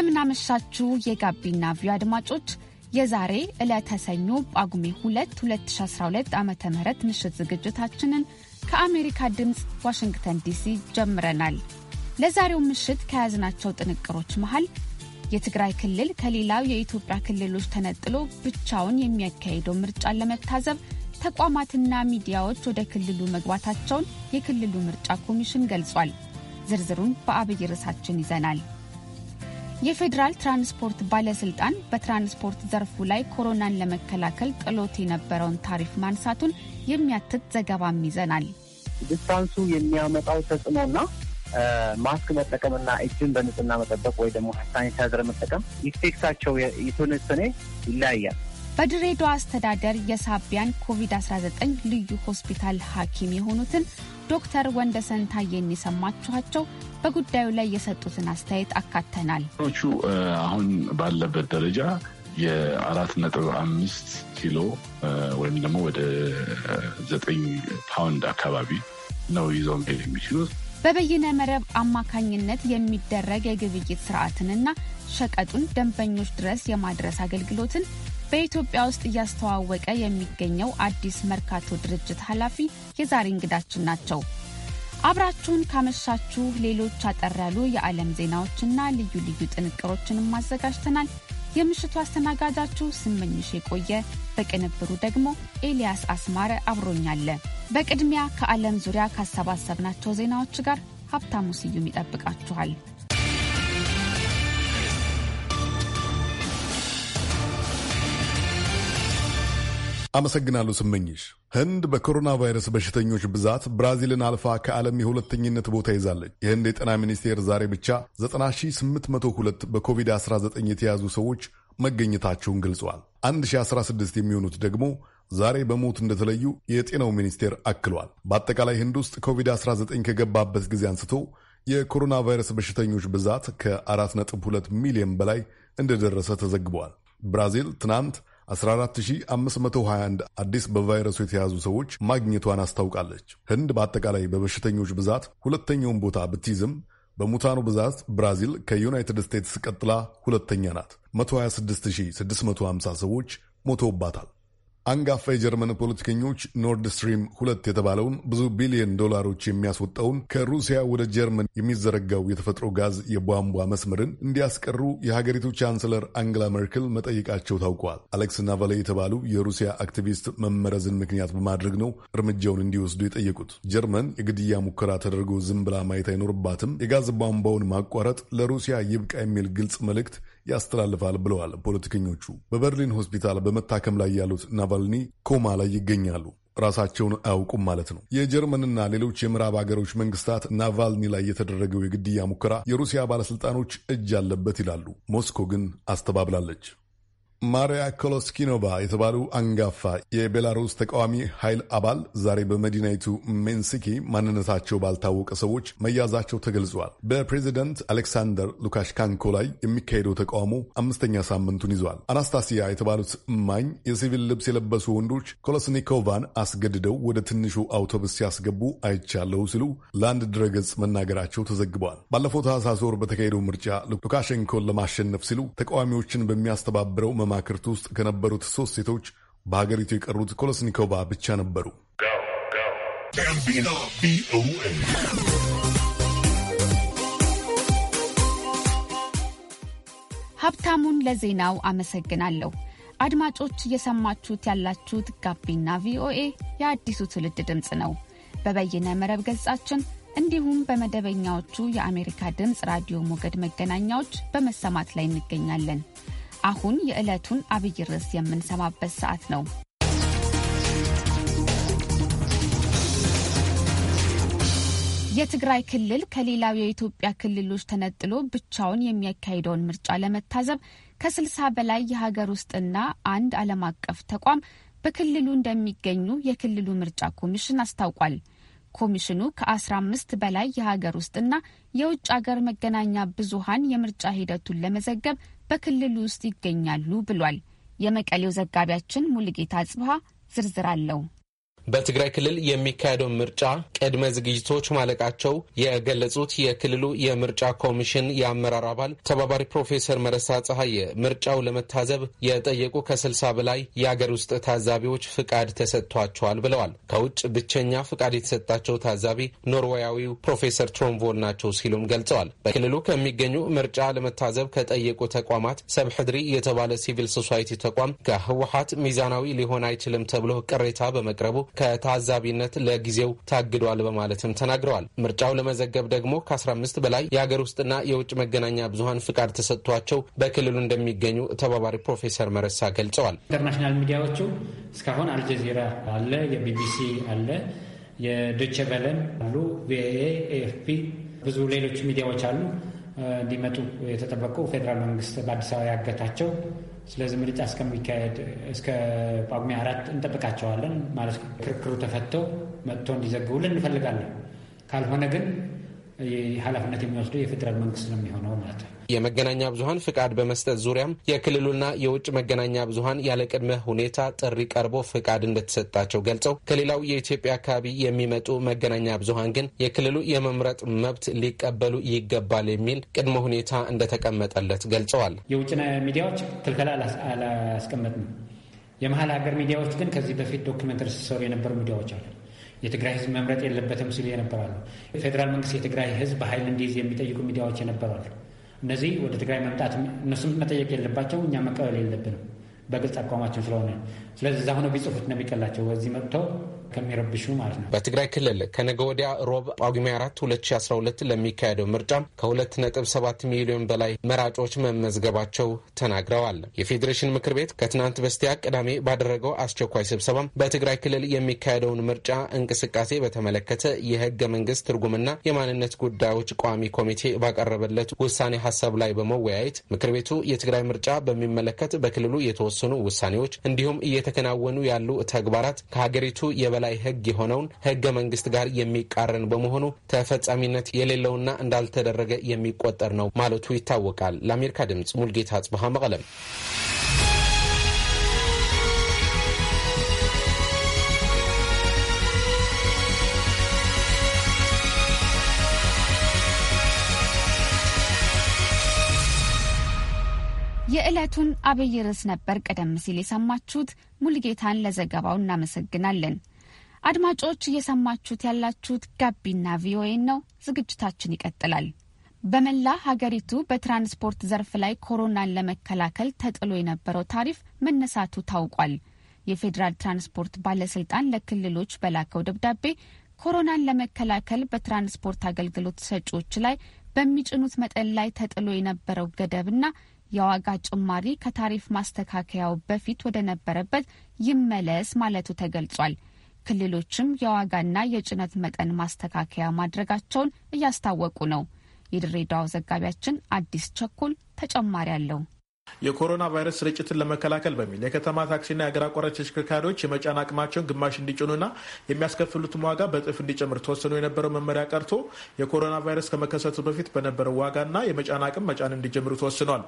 እንደምናመሻችሁ የጋቢና ቪዮ አድማጮች የዛሬ ዕለተ ሰኞ ጳጉሜ 2 2012 ዓ ም ምሽት ዝግጅታችንን ከአሜሪካ ድምፅ ዋሽንግተን ዲሲ ጀምረናል። ለዛሬው ምሽት ከያዝናቸው ጥንቅሮች መሃል የትግራይ ክልል ከሌላው የኢትዮጵያ ክልሎች ተነጥሎ ብቻውን የሚያካሄደው ምርጫን ለመታዘብ ተቋማትና ሚዲያዎች ወደ ክልሉ መግባታቸውን የክልሉ ምርጫ ኮሚሽን ገልጿል። ዝርዝሩን በአብይ ርዕሳችን ይዘናል። የፌዴራል ትራንስፖርት ባለስልጣን በትራንስፖርት ዘርፉ ላይ ኮሮናን ለመከላከል ጥሎት የነበረውን ታሪፍ ማንሳቱን የሚያትት ዘገባም ይዘናል። ዲስታንሱ የሚያመጣው ተጽዕኖና ማስክ መጠቀምና እጅን በንጽህና መጠበቅ ወይ ደግሞ ሳኒታይዘር መጠቀም ኢፌክታቸው የተወሰነ ይለያያል። በድሬዳዋ አስተዳደር የሳቢያን ኮቪድ-19 ልዩ ሆስፒታል ሐኪም የሆኑትን ዶክተር ወንደሰን ታዬን የሰማችኋቸው በጉዳዩ ላይ የሰጡትን አስተያየት አካተናል። ሮቹ አሁን ባለበት ደረጃ የአራት ነጥብ አምስት ኪሎ ወይም ደግሞ ወደ ዘጠኝ ፓውንድ አካባቢ ነው ይዘው መሄድ የሚችሉት። በበይነ መረብ አማካኝነት የሚደረግ የግብይት ስርዓትንና ሸቀጡን ደንበኞች ድረስ የማድረስ አገልግሎትን በኢትዮጵያ ውስጥ እያስተዋወቀ የሚገኘው አዲስ መርካቶ ድርጅት ኃላፊ የዛሬ እንግዳችን ናቸው። አብራችሁን ካመሻችሁ ሌሎች አጠር ያሉ የዓለም ዜናዎችና ልዩ ልዩ ጥንቅሮችንም አዘጋጅተናል። የምሽቱ አስተናጋጃችሁ ስመኝሽ የቆየ፣ በቅንብሩ ደግሞ ኤልያስ አስማረ አብሮኛለ። በቅድሚያ ከዓለም ዙሪያ ካሰባሰብናቸው ዜናዎች ጋር ሀብታሙ ስዩም ይጠብቃችኋል። አመሰግናለሁ ስመኝሽ። ህንድ በኮሮና ቫይረስ በሽተኞች ብዛት ብራዚልን አልፋ ከዓለም የሁለተኝነት ቦታ ይዛለች። የህንድ የጤና ሚኒስቴር ዛሬ ብቻ 90802 በኮቪድ-19 የተያዙ ሰዎች መገኘታቸውን ገልጸዋል። 1016 የሚሆኑት ደግሞ ዛሬ በሞት እንደተለዩ የጤናው ሚኒስቴር አክሏል። በአጠቃላይ ህንድ ውስጥ ኮቪድ-19 ከገባበት ጊዜ አንስቶ የኮሮና ቫይረስ በሽተኞች ብዛት ከ4.2 ሚሊዮን በላይ እንደደረሰ ተዘግቧል። ብራዚል ትናንት 14521 አዲስ በቫይረሱ የተያዙ ሰዎች ማግኘቷን አስታውቃለች። ህንድ በአጠቃላይ በበሽተኞች ብዛት ሁለተኛውን ቦታ ብትይዝም በሙታኑ ብዛት ብራዚል ከዩናይትድ ስቴትስ ቀጥላ ሁለተኛ ናት። 126650 ሰዎች ሞተውባታል። አንጋፋ የጀርመን ፖለቲከኞች ኖርድ ስትሪም ሁለት የተባለውን ብዙ ቢሊዮን ዶላሮች የሚያስወጣውን ከሩሲያ ወደ ጀርመን የሚዘረጋው የተፈጥሮ ጋዝ የቧንቧ መስመርን እንዲያስቀሩ የሀገሪቱ ቻንስለር አንግላ ሜርክል መጠየቃቸው ታውቋል። አሌክስ ናቫሌ የተባሉ የሩሲያ አክቲቪስት መመረዝን ምክንያት በማድረግ ነው እርምጃውን እንዲወስዱ የጠየቁት። ጀርመን የግድያ ሙከራ ተደርጎ ዝም ብላ ማየት አይኖርባትም፣ የጋዝ ቧንቧውን ማቋረጥ ለሩሲያ ይብቃ የሚል ግልጽ መልእክት ያስተላልፋል ብለዋል ፖለቲከኞቹ። በበርሊን ሆስፒታል በመታከም ላይ ያሉት ናቫልኒ ኮማ ላይ ይገኛሉ። ራሳቸውን አያውቁም ማለት ነው። የጀርመንና ሌሎች የምዕራብ አገሮች መንግስታት ናቫልኒ ላይ የተደረገው የግድያ ሙከራ የሩሲያ ባለስልጣኖች እጅ አለበት ይላሉ። ሞስኮ ግን አስተባብላለች። ማሪያ ኮሎስኪኖቫ የተባሉ አንጋፋ የቤላሩስ ተቃዋሚ ኃይል አባል ዛሬ በመዲናይቱ ሜንስኪ ማንነታቸው ባልታወቀ ሰዎች መያዛቸው ተገልጿል። በፕሬዚደንት አሌክሳንደር ሉካሽካንኮ ላይ የሚካሄደው ተቃውሞ አምስተኛ ሳምንቱን ይዟል። አናስታሲያ የተባሉት እማኝ የሲቪል ልብስ የለበሱ ወንዶች ኮሎስኒኮቫን አስገድደው ወደ ትንሹ አውቶቡስ ሲያስገቡ አይቻለሁ ሲሉ ለአንድ ድረገጽ መናገራቸው ተዘግበዋል። ባለፈው ታህሳስ ወር በተካሄደው ምርጫ ሉካሽንኮን ለማሸነፍ ሲሉ ተቃዋሚዎችን በሚያስተባብረው መማክርት ውስጥ ከነበሩት ሶስት ሴቶች በሀገሪቱ የቀሩት ኮሎስኒኮቫ ብቻ ነበሩ። ሀብታሙን ለዜናው አመሰግናለሁ። አድማጮች እየሰማችሁት ያላችሁት ጋቢና ቪኦኤ የአዲሱ ትውልድ ድምፅ ነው። በበይነ መረብ ገጻችን እንዲሁም በመደበኛዎቹ የአሜሪካ ድምፅ ራዲዮ ሞገድ መገናኛዎች በመሰማት ላይ እንገኛለን። አሁን የዕለቱን አብይ ርዕስ የምንሰማበት ሰዓት ነው። የትግራይ ክልል ከሌላው የኢትዮጵያ ክልሎች ተነጥሎ ብቻውን የሚያካሂደውን ምርጫ ለመታዘብ ከስልሳ በላይ የሀገር ውስጥና አንድ ዓለም አቀፍ ተቋም በክልሉ እንደሚገኙ የክልሉ ምርጫ ኮሚሽን አስታውቋል። ኮሚሽኑ ከ15 በላይ የሀገር ውስጥና የውጭ አገር መገናኛ ብዙሃን የምርጫ ሂደቱን ለመዘገብ በክልሉ ውስጥ ይገኛሉ ብሏል። የመቀሌው ዘጋቢያችን ሙልጌታ ጽብሃ ዝርዝር አለው። በትግራይ ክልል የሚካሄደው ምርጫ ቅድመ ዝግጅቶች ማለቃቸው የገለጹት የክልሉ የምርጫ ኮሚሽን የአመራር አባል ተባባሪ ፕሮፌሰር መረሳ ጸሐየ ምርጫው ለመታዘብ የጠየቁ ከስልሳ በላይ የአገር ውስጥ ታዛቢዎች ፍቃድ ተሰጥቷቸዋል ብለዋል። ከውጭ ብቸኛ ፍቃድ የተሰጣቸው ታዛቢ ኖርዌያዊው ፕሮፌሰር ትሮምቮል ናቸው ሲሉም ገልጸዋል። በክልሉ ከሚገኙ ምርጫ ለመታዘብ ከጠየቁ ተቋማት ሰብሕድሪ የተባለ ሲቪል ሶሳይቲ ተቋም ከህወሀት ሚዛናዊ ሊሆን አይችልም ተብሎ ቅሬታ በመቅረቡ ከታዛቢነት ለጊዜው ታግዷል በማለትም ተናግረዋል። ምርጫው ለመዘገብ ደግሞ ከ15 በላይ የአገር ውስጥና የውጭ መገናኛ ብዙሀን ፍቃድ ተሰጥቷቸው በክልሉ እንደሚገኙ ተባባሪ ፕሮፌሰር መረሳ ገልጸዋል። ኢንተርናሽናል ሚዲያዎቹ እስካሁን አልጀዚራ አለ፣ የቢቢሲ አለ፣ የዶቼ ቬለን አሉ፣ ቪኦኤ፣ ኤኤፍፒ ብዙ ሌሎች ሚዲያዎች አሉ። እንዲመጡ የተጠበቁ ፌዴራል መንግስት በአዲስ አበባ ያገታቸው ስለዚህ ምርጫ እስከሚካሄድ እስከ ጳጉሜ አራት እንጠብቃቸዋለን ማለት ክርክሩ ተፈቶ መጥቶ እንዲዘግቡልን እንፈልጋለን። ካልሆነ ግን ኃላፊነት የሚወስደው የፌዴራል መንግስት ነው የሚሆነው ማለት ነው። የመገናኛ ብዙሀን ፍቃድ በመስጠት ዙሪያም የክልሉና የውጭ መገናኛ ብዙሀን ያለ ቅድመ ሁኔታ ጥሪ ቀርቦ ፍቃድ እንደተሰጣቸው ገልጸው ከሌላው የኢትዮጵያ አካባቢ የሚመጡ መገናኛ ብዙሀን ግን የክልሉ የመምረጥ መብት ሊቀበሉ ይገባል የሚል ቅድመ ሁኔታ እንደተቀመጠለት ገልጸዋል። የውጭ ሚዲያዎች ክልከላ አላስቀመጥንም። የመሀል ሀገር ሚዲያዎች ግን ከዚህ በፊት ዶክመንተሪ ሲሰሩ የነበሩ ሚዲያዎች አሉ የትግራይ ህዝብ መምረጥ የለበትም ሲሉ የነበራሉ። ፌዴራል መንግስት የትግራይ ህዝብ በኃይል እንዲይዝ የሚጠይቁ ሚዲያዎች የነበራሉ። እነዚህ ወደ ትግራይ መምጣት እነሱም መጠየቅ የለባቸው፣ እኛ መቀበል የለብንም በግልጽ አቋማቸው ስለሆነ። ስለዚህ እዛ ሆነው ቢጽፉት ነው የሚቀላቸው። በዚህ መጥተው ከሚረብሹ ማለት ነው። በትግራይ ክልል ከነገ ወዲያ ሮብ ጳጉሜ 4 2012 ለሚካሄደው ምርጫ ከ2.7 ሚሊዮን በላይ መራጮች መመዝገባቸው ተናግረዋል። የፌዴሬሽን ምክር ቤት ከትናንት በስቲያ ቅዳሜ ባደረገው አስቸኳይ ስብሰባ በትግራይ ክልል የሚካሄደውን ምርጫ እንቅስቃሴ በተመለከተ የህገ መንግስት ትርጉምና የማንነት ጉዳዮች ቋሚ ኮሚቴ ባቀረበለት ውሳኔ ሀሳብ ላይ በመወያየት ምክር ቤቱ የትግራይ ምርጫ በሚመለከት በክልሉ የተወሰኑ ውሳኔዎች እንዲሁም እየተከናወኑ ያሉ ተግባራት ከሀገሪቱ የበ በላይ ህግ የሆነውን ህገ መንግስት ጋር የሚቃረን በመሆኑ ተፈጻሚነት የሌለውና እንዳልተደረገ የሚቆጠር ነው ማለቱ ይታወቃል። ለአሜሪካ ድምጽ ሙልጌታ አጽብሃ መቀለም። የዕለቱን አብይ ርዕስ ነበር ቀደም ሲል የሰማችሁት። ሙልጌታን ለዘገባው እናመሰግናለን። አድማጮች እየሰማችሁት ያላችሁት ጋቢና ቪኦኤ ነው። ዝግጅታችን ይቀጥላል። በመላ ሀገሪቱ በትራንስፖርት ዘርፍ ላይ ኮሮናን ለመከላከል ተጥሎ የነበረው ታሪፍ መነሳቱ ታውቋል። የፌዴራል ትራንስፖርት ባለስልጣን ለክልሎች በላከው ደብዳቤ ኮሮናን ለመከላከል በትራንስፖርት አገልግሎት ሰጪዎች ላይ በሚጭኑት መጠን ላይ ተጥሎ የነበረው ገደብና የዋጋ ጭማሪ ከታሪፍ ማስተካከያው በፊት ወደ ነበረበት ይመለስ ማለቱ ተገልጿል። ክልሎችም የዋጋና የጭነት መጠን ማስተካከያ ማድረጋቸውን እያስታወቁ ነው። የድሬዳዋ ዘጋቢያችን አዲስ ቸኩል ተጨማሪ አለው። የኮሮና ቫይረስ ስርጭትን ለመከላከል በሚል የከተማ ታክሲና የአገር አቋራጭ ተሽከርካሪዎች የመጫን አቅማቸውን ግማሽ እንዲጭኑና የሚያስከፍሉትም ዋጋ በእጥፍ እንዲጨምር ተወስኖ የነበረው መመሪያ ቀርቶ የኮሮና ቫይረስ ከመከሰቱ በፊት በነበረው ዋጋና የመጫን አቅም መጫን እንዲጀምሩ ተወስኗል።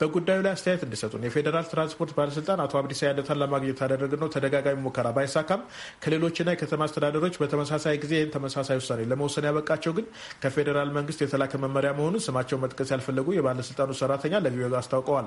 በጉዳዩ ላይ አስተያየት እንዲሰጡን የፌዴራል ትራንስፖርት ባለስልጣን አቶ አብዲሳ ያለታን ለማግኘት ያደረግነው ተደጋጋሚ ሙከራ ባይሳካም ክልሎችና የከተማ አስተዳደሮች በተመሳሳይ ጊዜ ይህን ተመሳሳይ ውሳኔ ለመወሰን ያበቃቸው ግን ከፌዴራል መንግስት የተላከ መመሪያ መሆኑን ስማቸው መጥቀስ ያልፈለጉ የባለስልጣኑ ሰራተኛ ለቪዮ አስታውቀዋል።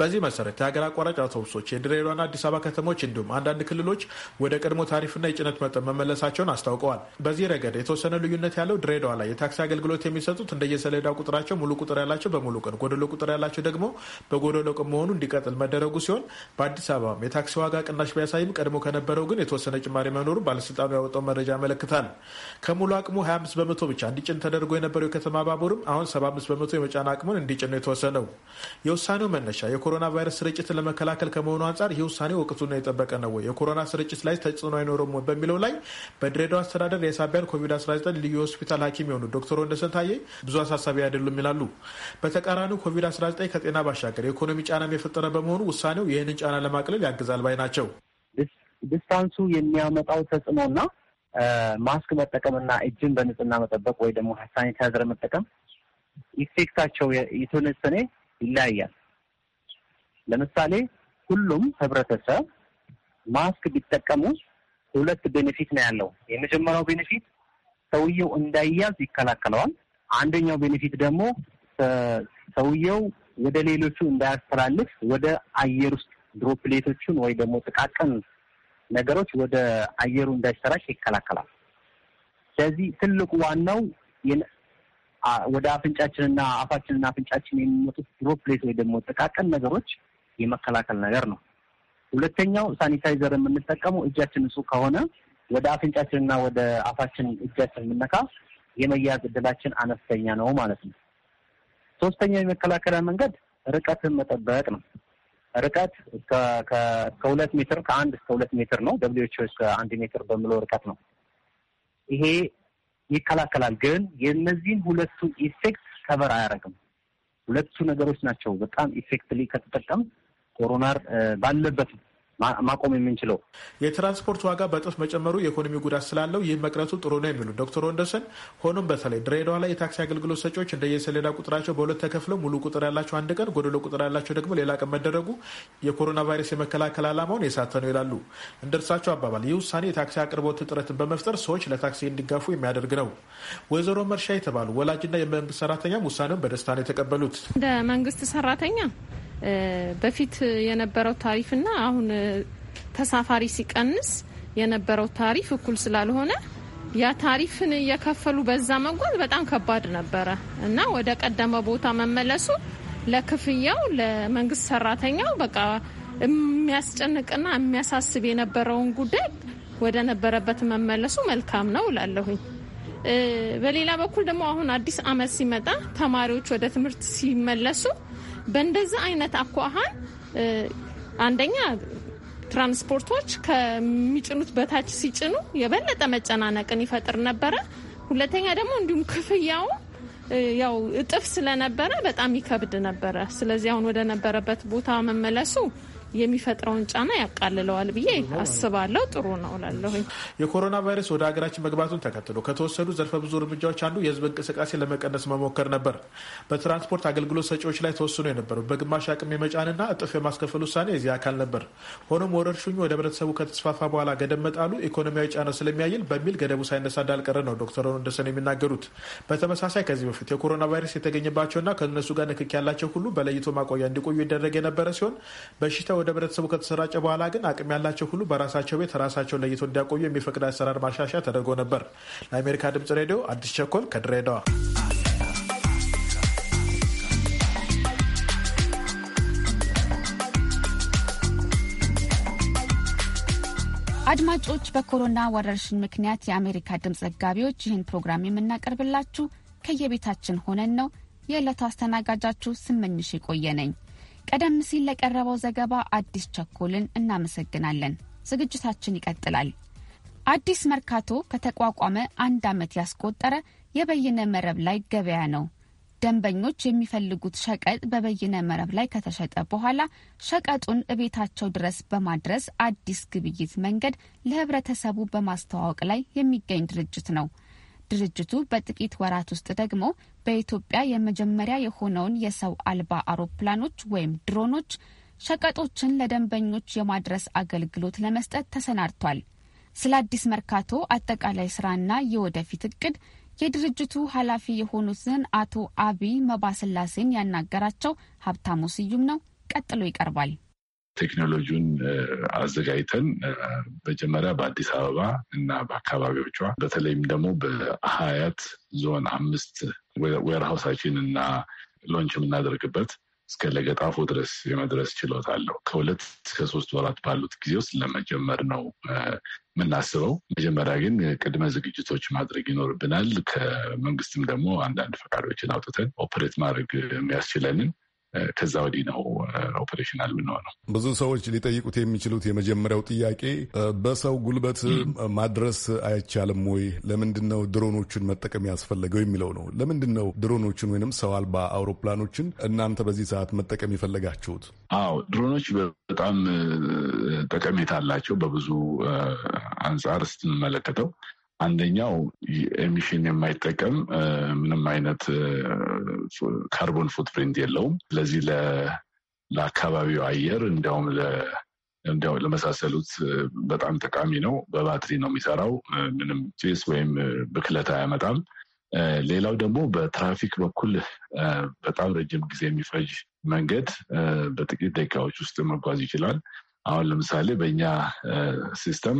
በዚህ መሰረት የሀገር አቋራጭ አውቶቡሶች የድሬዳዋና አዲስ አበባ ከተሞች እንዲሁም አንዳንድ ክልሎች ወደ ቀድሞ ታሪፍና የጭነት መጠን መመለሳቸውን አስታውቀዋል። በዚህ ረገድ የተወሰነ ልዩነት ያለው ድሬዳዋ ላይ የታክሲ አገልግሎት የሚሰጡት እንደየሰሌዳው ቁጥራቸው ሙሉ ቁጥር ያላቸው በሙሉ ቀን፣ ጎደሎ ቁጥር ያላቸው ደግሞ በጎደሎ ቀን መሆኑ እንዲቀጥል መደረጉ ሲሆን በአዲስ አበባም የታክሲ ዋጋ ቅናሽ ቢያሳይም ቀድሞ ከነበረው ግን የተወሰነ ጭማሪ መኖሩን ባለስልጣኑ ያወጣው መረጃ ያመለክታል። ከሙሉ አቅሙ 25 በመቶ ብቻ እንዲጭን ተደርጎ የነበረው የከተማ ባቡርም አሁን 75 በመቶ የመጫን አቅሙን እንዲጭን የተወሰነው። የውሳኔው መነሻ የኮሮና ቫይረስ ስርጭት ለመከላከል ከመሆኑ አንጻር ይህ ውሳኔ ወቅቱን የጠበቀ ነው ወይ፣ የኮሮና ስርጭት ላይ ተጽዕኖ አይኖረም በሚለው ላይ በድሬዳዋ አስተዳደር የሳቢያን ኮቪድ-19 ልዩ ሆስፒታል ሐኪም የሆኑ ዶክተር ወንደሰን ታዬ ብዙ አሳሳቢ አይደሉም ይላሉ። በተቃራኒው ኮቪድ-19 ከጤና ባሻገር የኢኮኖሚ ጫናም የፈጠረ በመሆኑ ውሳኔው ይህንን ጫና ለማቅለል ያግዛል ባይ ናቸው። ዲስታንሱ የሚያመጣው ተጽዕኖና ማስክ መጠቀምና እጅን በንጽህና መጠበቅ ወይ ደግሞ ሳኒታይዘር መጠቀም ኢፌክታቸው የተወሰነ ይለያያል። ለምሳሌ ሁሉም ህብረተሰብ ማስክ ቢጠቀሙ ሁለት ቤኔፊት ነው ያለው። የመጀመሪያው ቤኔፊት ሰውየው እንዳይያዝ ይከላከለዋል። አንደኛው ቤኔፊት ደግሞ ሰውየው ወደ ሌሎቹ እንዳያስተላልፍ ወደ አየር ውስጥ ድሮፕሌቶቹን ወይ ደግሞ ጥቃቅን ነገሮች ወደ አየሩ እንዳይሰራጭ ይከላከላል። ስለዚህ ትልቁ ዋናው ወደ አፍንጫችንና አፋችንና አፍንጫችን የሚመጡት ድሮፕሌት ወይ ደግሞ ጥቃቅን ነገሮች የመከላከል ነገር ነው። ሁለተኛው ሳኒታይዘር የምንጠቀመው እጃችን እሱ ከሆነ ወደ አፍንጫችንና ወደ አፋችን እጃችን የምነካ የመያዝ እድላችን አነስተኛ ነው ማለት ነው። ሶስተኛው የመከላከያ መንገድ ርቀትን መጠበቅ ነው። ርቀት እስከ ሁለት ሜትር ከአንድ እስከ ሁለት ሜትር ነው። ደብሊዎች እስከ አንድ ሜትር በሚለው ርቀት ነው። ይሄ ይከላከላል። ግን የእነዚህን ሁለቱ ኢፌክት ከበር አያደርግም። ሁለቱ ነገሮች ናቸው በጣም ኢፌክትሊ ከተጠቀም ኮሮናር ባለበት ማቆም የምንችለው የትራንስፖርት ዋጋ በእጥፍ መጨመሩ የኢኮኖሚ ጉዳት ስላለው ይህ መቅረቱ ጥሩ ነው የሚሉት ዶክተር ወንደሰን፣ ሆኖም በተለይ ድሬዳዋ ላይ የታክሲ አገልግሎት ሰጪዎች የሰሌዳ ቁጥራቸው በሁለት ተከፍለው ሙሉ ቁጥር ያላቸው አንድ ቀን፣ ጎደሎ ቁጥር ያላቸው ደግሞ ሌላ ቀን መደረጉ የኮሮና ቫይረስ የመከላከል ዓላማውን የሳተ ነው ይላሉ። እንደ እርሳቸው አባባል ይህ ውሳኔ የታክሲ አቅርቦት እጥረትን በመፍጠር ሰዎች ለታክሲ እንዲጋፉ የሚያደርግ ነው። ወይዘሮ መርሻ የተባሉ ወላጅና የመንግስት ሰራተኛም ውሳኔውን በደስታ ነው የተቀበሉት። እንደ መንግስት ሰራተኛ በፊት የነበረው ታሪፍና አሁን ተሳፋሪ ሲቀንስ የነበረው ታሪፍ እኩል ስላልሆነ ያ ታሪፍን እየከፈሉ በዛ መጓዝ በጣም ከባድ ነበረ እና ወደ ቀደመ ቦታ መመለሱ ለክፍያው ለመንግስት ሰራተኛው በቃ የሚያስጨንቅና የሚያሳስብ የነበረውን ጉዳይ ወደ ነበረበት መመለሱ መልካም ነው እላለሁኝ። በሌላ በኩል ደግሞ አሁን አዲስ አመት ሲመጣ ተማሪዎች ወደ ትምህርት ሲመለሱ በእንደዚህ አይነት አኳኋን አንደኛ ትራንስፖርቶች ከሚጭኑት በታች ሲጭኑ የበለጠ መጨናነቅን ይፈጥር ነበረ። ሁለተኛ ደግሞ እንዲሁም ክፍያው ያው እጥፍ ስለነበረ በጣም ይከብድ ነበረ። ስለዚህ አሁን ወደ ነበረበት ቦታ መመለሱ የሚፈጥረውን ጫና ያቃልለዋል ብዬ አስባለሁ። ጥሩ ነው ላለሁኝ የኮሮና ቫይረስ ወደ ሀገራችን መግባቱን ተከትሎ ከተወሰዱ ዘርፈ ብዙ እርምጃዎች አንዱ የህዝብ እንቅስቃሴ ለመቀነስ መሞከር ነበር። በትራንስፖርት አገልግሎት ሰጪዎች ላይ ተወስኖ የነበረው በግማሽ አቅም የመጫንና እጥፍ የማስከፈል ውሳኔ የዚህ አካል ነበር። ሆኖም ወረርሽኙ ወደ ህብረተሰቡ ከተስፋፋ በኋላ ገደብ መጣሉ ኢኮኖሚያዊ ጫና ስለሚያይል በሚል ገደቡ ሳይነሳ እንዳልቀረ ነው ዶክተር ወንደሰን የሚናገሩት። በተመሳሳይ ከዚህ በፊት የኮሮና ቫይረስ የተገኘባቸውና ከእነሱ ጋር ንክክ ያላቸው ሁሉ በለይቶ ማቆያ እንዲቆዩ ይደረግ የነበረ ሲሆን በሽታ ወደ ህብረተሰቡ ከተሰራጨ በኋላ ግን አቅም ያላቸው ሁሉ በራሳቸው ቤት ራሳቸውን ለይቶ እንዲያቆዩ የሚፈቅድ አሰራር ማሻሻያ ተደርጎ ነበር። ለአሜሪካ ድምጽ ሬዲዮ አዲስ ቸኮል ከድሬዳዋ። አድማጮች፣ በኮሮና ወረርሽኝ ምክንያት የአሜሪካ ድምፅ ዘጋቢዎች ይህን ፕሮግራም የምናቀርብላችሁ ከየቤታችን ሆነን ነው። የዕለቱ አስተናጋጃችሁ ስመኝሽ የቆየ ነኝ። ቀደም ሲል ለቀረበው ዘገባ አዲስ ቸኮልን እናመሰግናለን። ዝግጅታችን ይቀጥላል። አዲስ መርካቶ ከተቋቋመ አንድ ዓመት ያስቆጠረ የበይነ መረብ ላይ ገበያ ነው። ደንበኞች የሚፈልጉት ሸቀጥ በበይነ መረብ ላይ ከተሸጠ በኋላ ሸቀጡን እቤታቸው ድረስ በማድረስ አዲስ ግብይት መንገድ ለህብረተሰቡ በማስተዋወቅ ላይ የሚገኝ ድርጅት ነው። ድርጅቱ በጥቂት ወራት ውስጥ ደግሞ በኢትዮጵያ የመጀመሪያ የሆነውን የሰው አልባ አውሮፕላኖች ወይም ድሮኖች ሸቀጦችን ለደንበኞች የማድረስ አገልግሎት ለመስጠት ተሰናድቷል። ስለ አዲስ መርካቶ አጠቃላይ ስራና የወደፊት እቅድ የድርጅቱ ኃላፊ የሆኑትን አቶ አቢይ መባስላሴን ያናገራቸው ሀብታሙ ስዩም ነው። ቀጥሎ ይቀርባል። ቴክኖሎጂውን አዘጋጅተን መጀመሪያ በአዲስ አበባ እና በአካባቢዎቿ በተለይም ደግሞ በሀያት ዞን አምስት ዌርሃውሳችን እና ሎንች የምናደርግበት እስከ ለገጣፎ ድረስ የመድረስ ችሎታ አለው። ከሁለት እስከ ሶስት ወራት ባሉት ጊዜ ውስጥ ለመጀመር ነው የምናስበው። መጀመሪያ ግን ቅድመ ዝግጅቶች ማድረግ ይኖርብናል። ከመንግስትም ደግሞ አንዳንድ ፈቃዶችን አውጥተን ኦፕሬት ማድረግ የሚያስችለንን ከዛ ወዲህ ነው ኦፕሬሽናል የምንሆነው። ብዙ ሰዎች ሊጠይቁት የሚችሉት የመጀመሪያው ጥያቄ በሰው ጉልበት ማድረስ አይቻልም ወይ? ለምንድን ነው ድሮኖቹን መጠቀም ያስፈለገው የሚለው ነው። ለምንድን ነው ድሮኖቹን ወይንም ሰው አልባ አውሮፕላኖችን እናንተ በዚህ ሰዓት መጠቀም የፈለጋችሁት? አዎ ድሮኖች በጣም ጠቀሜታ አላቸው። በብዙ አንጻር ስንመለከተው አንደኛው ኤሚሽን የማይጠቀም ምንም አይነት ካርቦን ፉትፕሪንት የለውም። ስለዚህ ለአካባቢው አየር እንዲያውም እንዲያው ለመሳሰሉት በጣም ጠቃሚ ነው። በባትሪ ነው የሚሰራው። ምንም ጭስ ወይም ብክለት አያመጣም። ሌላው ደግሞ በትራፊክ በኩል በጣም ረጅም ጊዜ የሚፈጅ መንገድ በጥቂት ደቂቃዎች ውስጥ መጓዝ ይችላል። አሁን ለምሳሌ በእኛ ሲስተም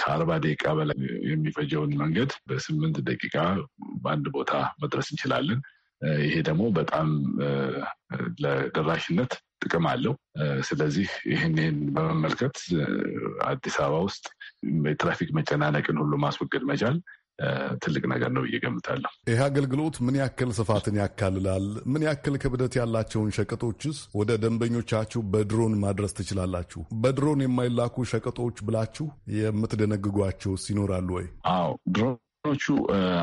ከአርባ ደቂቃ በላይ የሚፈጀውን መንገድ በስምንት ደቂቃ በአንድ ቦታ መድረስ እንችላለን። ይሄ ደግሞ በጣም ለደራሽነት ጥቅም አለው። ስለዚህ ይህንን በመመልከት አዲስ አበባ ውስጥ የትራፊክ መጨናነቅን ሁሉ ማስወገድ መቻል ትልቅ ነገር ነው ብዬ ገምታለሁ። ይህ አገልግሎት ምን ያክል ስፋትን ያካልላል? ምን ያክል ክብደት ያላቸውን ሸቀጦችስ ወደ ደንበኞቻችሁ በድሮን ማድረስ ትችላላችሁ? በድሮን የማይላኩ ሸቀጦች ብላችሁ የምትደነግጓቸውስ ይኖራሉ ወይ? አዎ ድሮኖቹ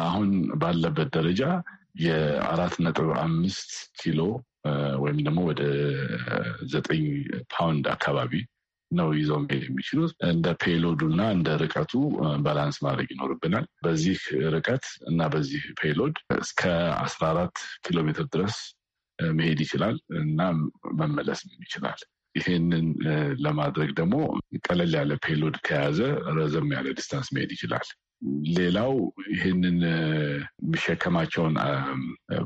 አሁን ባለበት ደረጃ የአራት ነጥብ አምስት ኪሎ ወይም ደግሞ ወደ ዘጠኝ ፓውንድ አካባቢ ነው ይዘው መሄድ የሚችሉት። እንደ ፔሎዱ እና እንደ ርቀቱ ባላንስ ማድረግ ይኖርብናል። በዚህ ርቀት እና በዚህ ፔሎድ እስከ አስራ አራት ኪሎ ሜትር ድረስ መሄድ ይችላል እና መመለስ ይችላል። ይሄንን ለማድረግ ደግሞ ቀለል ያለ ፔሎድ ከያዘ ረዘም ያለ ዲስታንስ መሄድ ይችላል። ሌላው ይህንን የሚሸከማቸውን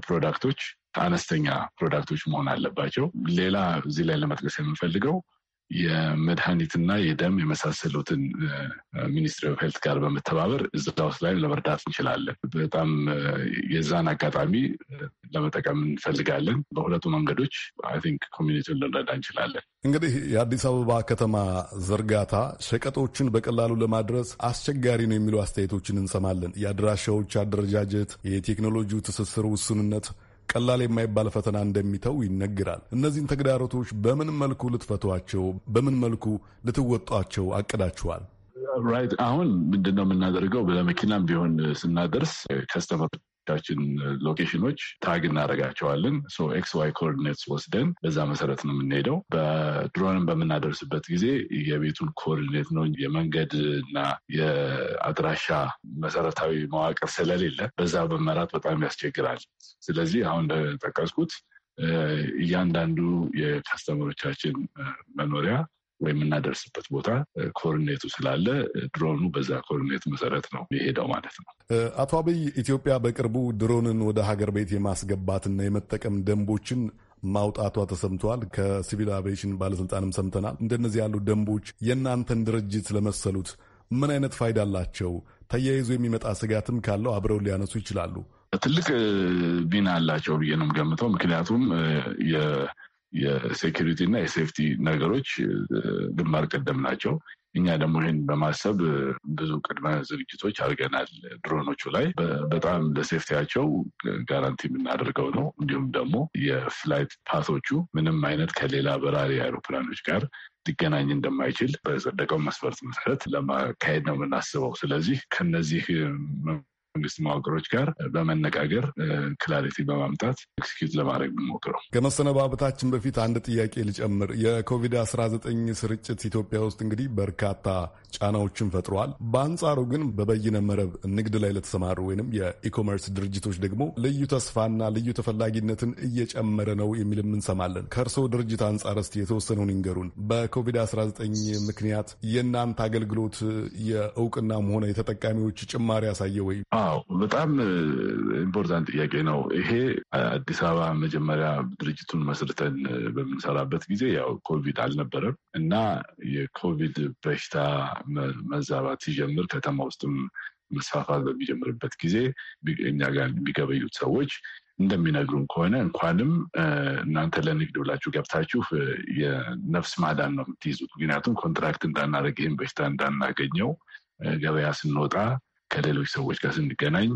ፕሮዳክቶች አነስተኛ ፕሮዳክቶች መሆን አለባቸው። ሌላ እዚህ ላይ ለመጥቀስ የምንፈልገው የመድኃኒትና የደም የመሳሰሉትን ሚኒስትሪ ኦፍ ሄልት ጋር በመተባበር እዛ ውስጥ ላይ ለመርዳት እንችላለን። በጣም የዛን አጋጣሚ ለመጠቀም እንፈልጋለን። በሁለቱ መንገዶች አይ ቲንክ ኮሚኒቲውን ልንረዳ እንችላለን። እንግዲህ የአዲስ አበባ ከተማ ዝርጋታ ሸቀጦችን በቀላሉ ለማድረስ አስቸጋሪ ነው የሚሉ አስተያየቶችን እንሰማለን። የአድራሻዎች አደረጃጀት፣ የቴክኖሎጂው ትስስር ውሱንነት ቀላል የማይባል ፈተና እንደሚተው ይነግራል። እነዚህን ተግዳሮቶች በምን መልኩ ልትፈቷቸው፣ በምን መልኩ ልትወጧቸው አቅዳችኋል? ራይት አሁን ምንድን ነው የምናደርገው? በመኪናም ቢሆን ስናደርስ ከስተመር ችን ሎኬሽኖች ታግ እናደርጋቸዋለን። ኤክስ ዋይ ኮኦርዲኔትስ ወስደን በዛ መሰረት ነው የምንሄደው። በድሮንም በምናደርስበት ጊዜ የቤቱን ኮኦርዲኔት ነው የመንገድ እና የአድራሻ መሰረታዊ መዋቅር ስለሌለ በዛ በመራት በጣም ያስቸግራል። ስለዚህ አሁን እንደጠቀስኩት እያንዳንዱ የከስተመሮቻችን መኖሪያ የምናደርስበት ቦታ ኮርኔቱ ስላለ ድሮኑ በዛ ኮርኔት መሰረት ነው የሄደው ማለት ነው። አቶ አብይ ኢትዮጵያ በቅርቡ ድሮንን ወደ ሀገር ቤት የማስገባትና የመጠቀም ደንቦችን ማውጣቷ ተሰምተዋል። ከሲቪል አቪዬሽን ባለስልጣንም ሰምተናል። እንደነዚህ ያሉ ደንቦች የእናንተን ድርጅት ለመሰሉት ምን አይነት ፋይዳ አላቸው? ተያይዞ የሚመጣ ስጋትም ካለው አብረው ሊያነሱ ይችላሉ። ትልቅ ቢና አላቸው ብዬ ነው የምገምተው። ምክንያቱም የሴኪሪቲ እና የሴፍቲ ነገሮች ግንባር ቀደም ናቸው። እኛ ደግሞ ይህን በማሰብ ብዙ ቅድመ ዝግጅቶች አድርገናል። ድሮኖቹ ላይ በጣም ለሴፍቲያቸው ጋራንቲ የምናደርገው ነው። እንዲሁም ደግሞ የፍላይት ፓቶቹ ምንም አይነት ከሌላ በራሪ አውሮፕላኖች ጋር ሊገናኝ እንደማይችል በጸደቀው መስፈርት መሰረት ለማካሄድ ነው የምናስበው። ስለዚህ ከነዚህ መንግስት መዋቅሮች ጋር በመነጋገር ክላሪቲ በማምጣት ኤክስኪዩት ለማድረግ ብንሞክረው። ከመሰነባበታችን በፊት አንድ ጥያቄ ልጨምር። የኮቪድ-19 ስርጭት ኢትዮጵያ ውስጥ እንግዲህ በርካታ ጫናዎችን ፈጥሯል። በአንጻሩ ግን በበይነ መረብ ንግድ ላይ ለተሰማሩ ወይም የኢኮመርስ ድርጅቶች ደግሞ ልዩ ተስፋና ልዩ ተፈላጊነትን እየጨመረ ነው የሚልም እንሰማለን። ከእርስዎ ድርጅት አንጻር እስቲ የተወሰነውን ይንገሩን። በኮቪድ-19 ምክንያት የእናንተ አገልግሎት የእውቅና መሆነ የተጠቃሚዎች ጭማሪ ያሳየ ወይ? አዎ በጣም ኢምፖርታንት ጥያቄ ነው ይሄ። አዲስ አበባ መጀመሪያ ድርጅቱን መስርተን በምንሰራበት ጊዜ ያው ኮቪድ አልነበረም እና የኮቪድ በሽታ መዛባት ሲጀምር ከተማ ውስጥም መስፋፋት በሚጀምርበት ጊዜ እኛ ጋር የሚገበዩት ሰዎች እንደሚነግሩን ከሆነ እንኳንም እናንተ ለንግድ ብላችሁ ገብታችሁ የነፍስ ማዳን ነው የምትይዙት። ምክንያቱም ኮንትራክት እንዳናደርግ ይህን በሽታ እንዳናገኘው ገበያ ስንወጣ ከሌሎች ሰዎች ጋር ስንገናኝ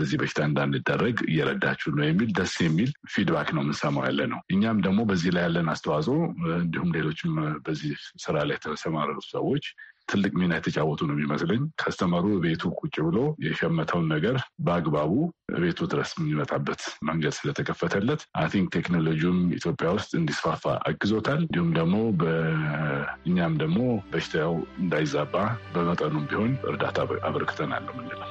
ለዚህ በሽታ እንዳንደረግ እየረዳችሁ ነው የሚል ደስ የሚል ፊድባክ ነው የምንሰማው ያለ ነው። እኛም ደግሞ በዚህ ላይ ያለን አስተዋጽኦ እንዲሁም ሌሎችም በዚህ ስራ ላይ የተሰማሩ ሰዎች ትልቅ ሚና የተጫወቱ ነው የሚመስለኝ። ከስተመሩ ቤቱ ቁጭ ብሎ የሸመተውን ነገር በአግባቡ ቤቱ ድረስ የሚመጣበት መንገድ ስለተከፈተለት አይ ቲንክ ቴክኖሎጂውም ኢትዮጵያ ውስጥ እንዲስፋፋ አግዞታል። እንዲሁም ደግሞ እኛም ደግሞ በሽታው እንዳይዛባ በመጠኑም ቢሆን እርዳታ አበርክተናል ነው የምንለው።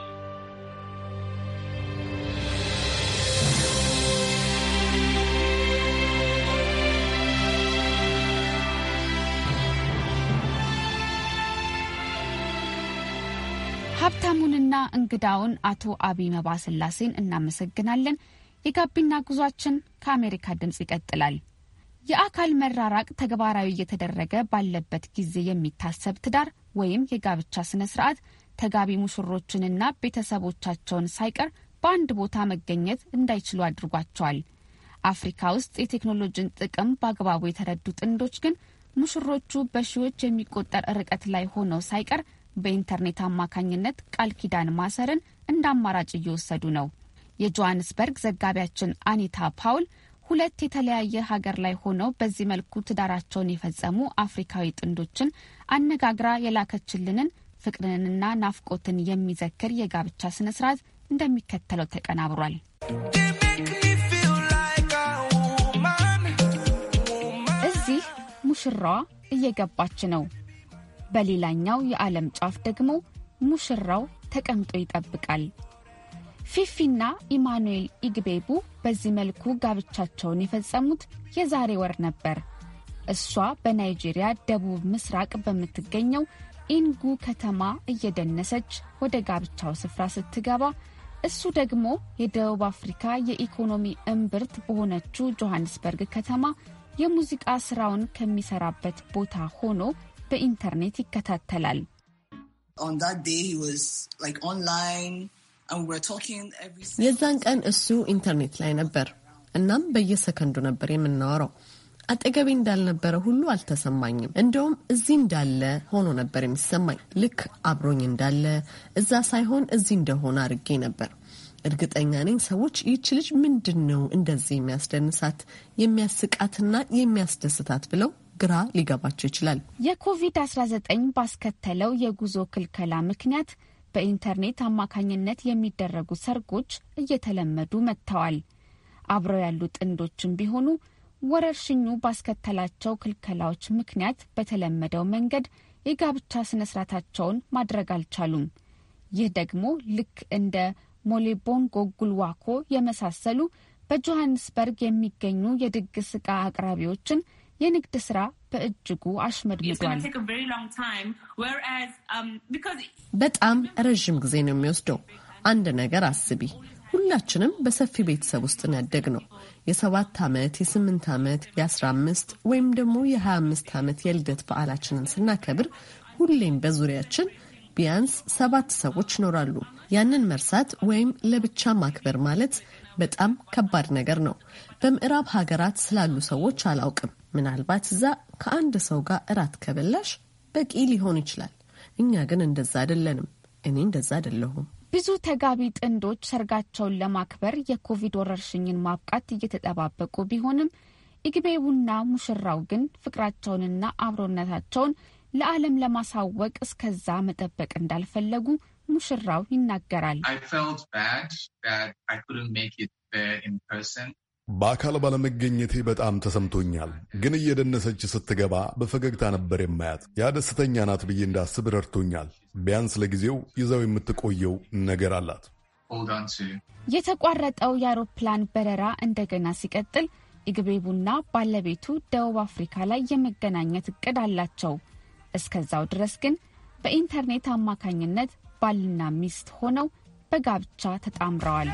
ሀብታሙንና እንግዳውን አቶ አቢይ መባስላሴን እናመሰግናለን። የጋቢና ጉዟችን ከአሜሪካ ድምፅ ይቀጥላል። የአካል መራራቅ ተግባራዊ እየተደረገ ባለበት ጊዜ የሚታሰብ ትዳር ወይም የጋብቻ ስነ ስርዓት ተጋቢ ሙሽሮችንና ቤተሰቦቻቸውን ሳይቀር በአንድ ቦታ መገኘት እንዳይችሉ አድርጓቸዋል። አፍሪካ ውስጥ የቴክኖሎጂን ጥቅም በአግባቡ የተረዱ ጥንዶች ግን ሙሽሮቹ በሺዎች የሚቆጠር ርቀት ላይ ሆነው ሳይቀር በኢንተርኔት አማካኝነት ቃል ኪዳን ማሰርን እንደ አማራጭ እየወሰዱ ነው። የጆሃንስበርግ ዘጋቢያችን አኒታ ፓውል ሁለት የተለያየ ሀገር ላይ ሆነው በዚህ መልኩ ትዳራቸውን የፈጸሙ አፍሪካዊ ጥንዶችን አነጋግራ የላከችልንን ፍቅርንና ናፍቆትን የሚዘክር የጋብቻ ስነስርዓት እንደሚከተለው ተቀናብሯል። እዚህ ሙሽራዋ እየገባች ነው። በሌላኛው የዓለም ጫፍ ደግሞ ሙሽራው ተቀምጦ ይጠብቃል። ፊፊና ኢማኑኤል ኢግቤቡ በዚህ መልኩ ጋብቻቸውን የፈጸሙት የዛሬ ወር ነበር። እሷ በናይጄሪያ ደቡብ ምስራቅ በምትገኘው ኢንጉ ከተማ እየደነሰች ወደ ጋብቻው ስፍራ ስትገባ እሱ ደግሞ የደቡብ አፍሪካ የኢኮኖሚ እምብርት በሆነችው ጆሐንስበርግ ከተማ የሙዚቃ ስራውን ከሚሰራበት ቦታ ሆኖ በኢንተርኔት ይከታተላል። የዛን ቀን እሱ ኢንተርኔት ላይ ነበር። እናም በየሰከንዱ ነበር የምናወራው። አጠገቤ እንዳልነበረ ሁሉ አልተሰማኝም። እንደውም እዚህ እንዳለ ሆኖ ነበር የሚሰማኝ። ልክ አብሮኝ እንዳለ እዛ ሳይሆን እዚህ እንደሆነ አድርጌ ነበር። እርግጠኛ ነኝ ሰዎች ይህች ልጅ ምንድን ነው እንደዚህ የሚያስደንሳት የሚያስቃትና የሚያስደስታት ብለው ግራ ሊገባቸው ይችላል። የኮቪድ-19 ባስከተለው የጉዞ ክልከላ ምክንያት በኢንተርኔት አማካኝነት የሚደረጉ ሰርጎች እየተለመዱ መጥተዋል። አብረው ያሉ ጥንዶችም ቢሆኑ ወረርሽኙ ባስከተላቸው ክልከላዎች ምክንያት በተለመደው መንገድ የጋብቻ ስነ ስርዓታቸውን ማድረግ አልቻሉም። ይህ ደግሞ ልክ እንደ ሞሌቦንጎ ጉልዋኮ የመሳሰሉ በጆሀንስበርግ የሚገኙ የድግስ ዕቃ አቅራቢዎችን የንግድ ስራ በእጅጉ አሽመድምዷል። um, በጣም ረዥም ጊዜ ነው የሚወስደው። አንድ ነገር አስቢ። ሁላችንም በሰፊ ቤተሰብ ውስጥ ነው ያደግነው። የሰባት ዓመት የስምንት ዓመት የአስራ አምስት ወይም ደግሞ የሀያ አምስት ዓመት የልደት በዓላችንን ስናከብር ሁሌም በዙሪያችን ቢያንስ ሰባት ሰዎች ይኖራሉ። ያንን መርሳት ወይም ለብቻ ማክበር ማለት በጣም ከባድ ነገር ነው። በምዕራብ ሀገራት ስላሉ ሰዎች አላውቅም። ምናልባት እዛ ከአንድ ሰው ጋር እራት ከበላሽ በቂ ሊሆን ይችላል። እኛ ግን እንደዛ አይደለንም። እኔ እንደዛ አይደለሁም። ብዙ ተጋቢ ጥንዶች ሰርጋቸውን ለማክበር የኮቪድ ወረርሽኝን ማብቃት እየተጠባበቁ ቢሆንም ኢግቤቡና ሙሽራው ግን ፍቅራቸውንና አብሮነታቸውን ለዓለም ለማሳወቅ እስከዛ መጠበቅ እንዳልፈለጉ ሙሽራው ይናገራል። በአካል ባለመገኘቴ በጣም ተሰምቶኛል። ግን እየደነሰች ስትገባ በፈገግታ ነበር የማያት። ያ ደስተኛ ናት ብዬ እንዳስብ ረድቶኛል። ቢያንስ ለጊዜው ይዘው የምትቆየው ነገር አላት። የተቋረጠው የአውሮፕላን በረራ እንደገና ሲቀጥል ኢግቤቡና ባለቤቱ ደቡብ አፍሪካ ላይ የመገናኘት እቅድ አላቸው። እስከዛው ድረስ ግን በኢንተርኔት አማካኝነት ባልና ሚስት ሆነው በጋብቻ ተጣምረዋል።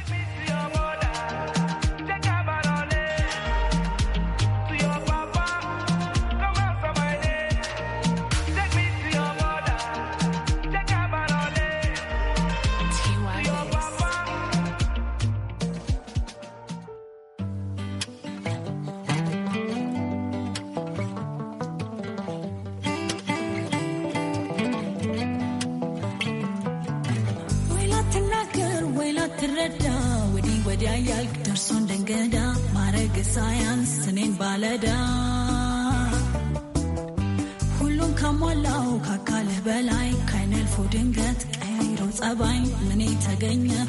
Saganya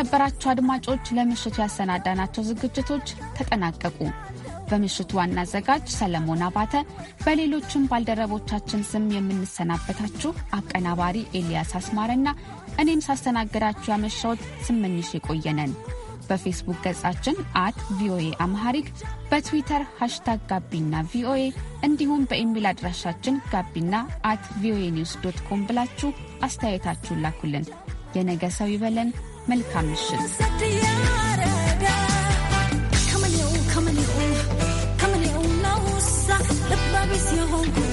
የተከበራችሁ አድማጮች ለምሽቱ ያሰናዳናቸው ዝግጅቶች ተጠናቀቁ። በምሽቱ ዋና አዘጋጅ ሰለሞን አባተ፣ በሌሎችም ባልደረቦቻችን ስም የምንሰናበታችሁ አቀናባሪ ኤልያስ አስማረና እኔም ሳስተናግዳችሁ ያመሻውት ስመኝሽ የቆየነን። በፌስቡክ ገጻችን አት ቪኦኤ አምሃሪክ በትዊተር ሃሽታግ ጋቢና ቪኦኤ እንዲሁም በኢሜይል አድራሻችን ጋቢና አት ቪኦኤ ኒውስ ዶት ኮም ብላችሁ አስተያየታችሁን ላኩልን። የነገ ሰው ይበለን። መልካም ምሽት። Come on, you, come on, you, come on, you, now, stop, let me see your home.